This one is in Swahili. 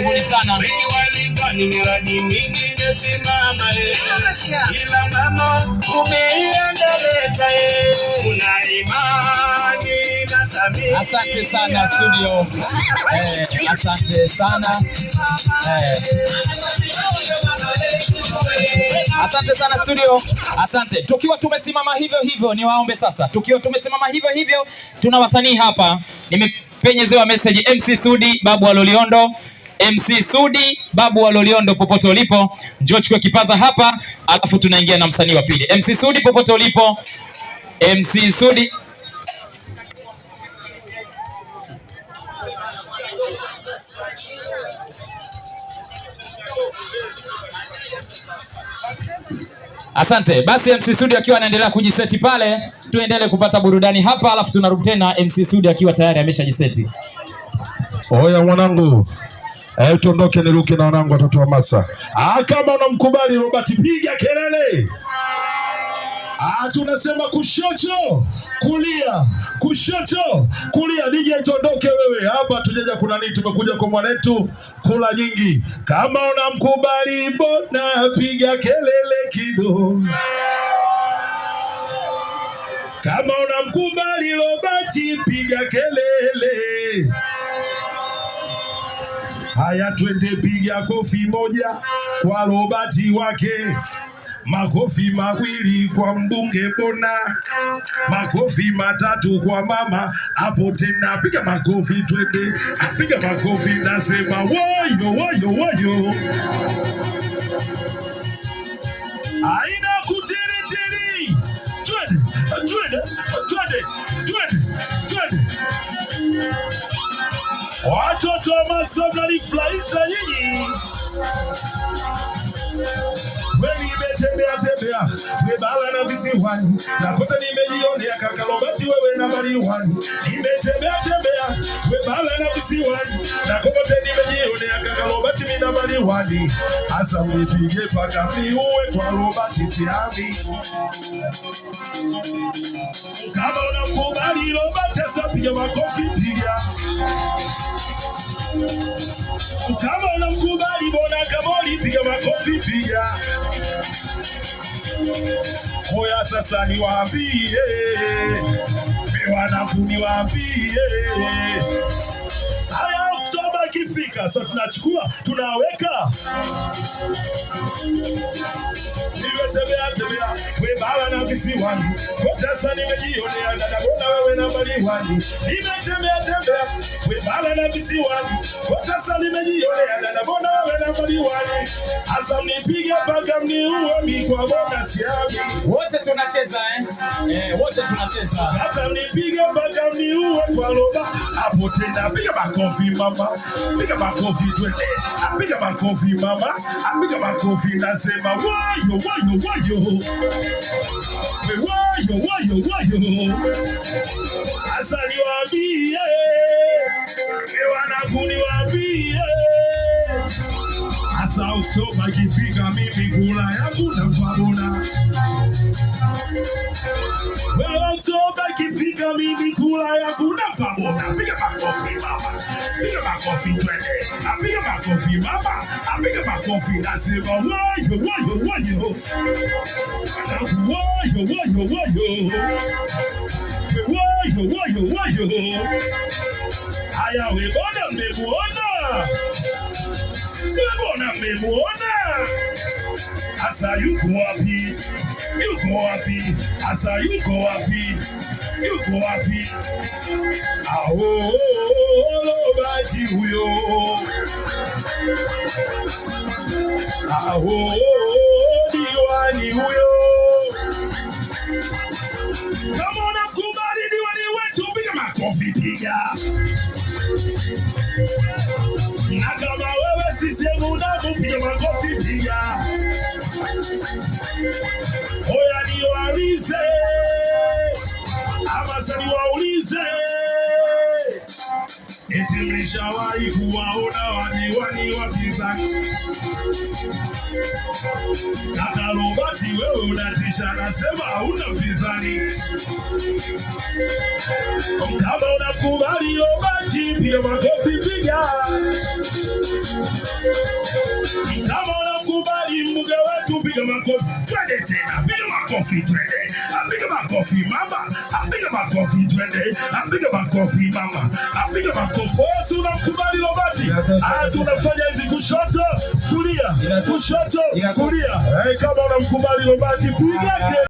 karibuni sana. Wengi walipa ni miradi mingi imesimama, eh. ila mama umeiendeleza. Eh. Una imani na Samia. Asante sana studio. Eh, asante sana Asante sana studio, asante. Tukiwa tumesimama hivyo hivyo, ni waombe sasa, tukiwa tumesimama hivyo hivyo, tuna wasanii hapa, nimepenyezewa message MC Sudi, Babu Aloliondo MC Sudi, Babu wa Loliondo, popote ulipo, njoo chukua kipaza hapa, alafu tunaingia na msanii wa pili. MC Sudi, popote ulipo, MC Sudi Asante. Basi MC Sudi akiwa anaendelea kujiseti pale, tuendelee kupata burudani hapa, alafu tunarudi tena MC Sudi akiwa tayari ameshajiseti. Oya mwanangu. Hebu eh, tuondoke niruke na wanangu watoto wa Masa. Ah, kama unamkubali Robert piga kelele. Ah, tunasema kushoto, kulia, kushoto, kulia. Nije tuondoke wewe. Hapa tujaja kuna nini? Tumekuja kwa mwanetu kula nyingi. Kama unamkubali bona piga kelele kidogo. Kama unamkubali Robert piga kelele. Haya, twende piga kofi moja kwa Robati wake, makofi mawili kwa mbunge bona makofi matatu kwa mama hapo. Tena piga makofi, twende piga makofi, nasema woyo woyo woyo, aina kutiritiri, twende twende twende twende Toma soka lifurahisha nyinyi. Kweli nimetembea tembea nimebala na visiwani na kote nimejionea kakalobati wewe na maliwani. Nimetembea tembea nimebala na visiwani na kote nimejionea kakalobati mimi na maliwani. Hasa nipige paka uwe kwa robati siami. Kama unakubali robati sasa piga makofi piga. Kama unamkubali Bwana Kaboli, piga makofi, piga. Oya, sasa niwaambie, wanangu, niwaambie haya, Oktoba ikifika, sasa tunachukua tunaweka, tembea tembea bara na misi wangu sasa nimejionea, dada bona wewe nambari wangu, nimetembea tembea we bara na misi wangu sasa nimejionea, dada bona wewe nambari wangu, hasa mnipige mpaka mniue mikwa bona siagu, wote tunacheza eh eh, wote tunacheza, hata mnipige mpaka mniue kwa roba hapo tena. Piga makofi mama, piga makofi twende, apiga makofi mama, apiga makofi nasema wayo wayo wayo why yo, why yo. Sasa Oktoba ikifika, mimi kula yangu na vabona. Well, Oktoba ikifika, mimi kula yangu na vabona. Piga makofi mama, piga makofi twende, apiga makofi mama, apiga makofi nasema wayo wayo wayo, wayo wayo wayo, wayo wayo wayo. Haya, we mbona mmemuona? Mbona mmemwona? Hasa yuko wapi? Yuko wapi? Hasa yuko wapi? Yuko wapi? Ao baji huyo. Ao diwani huyo. piga makofi, piga na kama wewe CCM unao mpiga makofi pia. Oya Eti mlishawahi kuwaona wadiwani wapinzani? Kaka Robati, wewe unatisha, nasema hauna mpinzani. Kama unakubali Robati, piga makofi, piga. Kama unakubali mbunge wetu, piga makofi, twende tena coffee, Twende. I pick up coffee, Mama. I pick up coffee, Twende. I pick up coffee, Mama. I pick up coffee. Oh, si unamkubali Robati, ah, tunafanya hivi kushoto, kulia, kushoto, kulia. Hey, kama unamkubali Robati, piga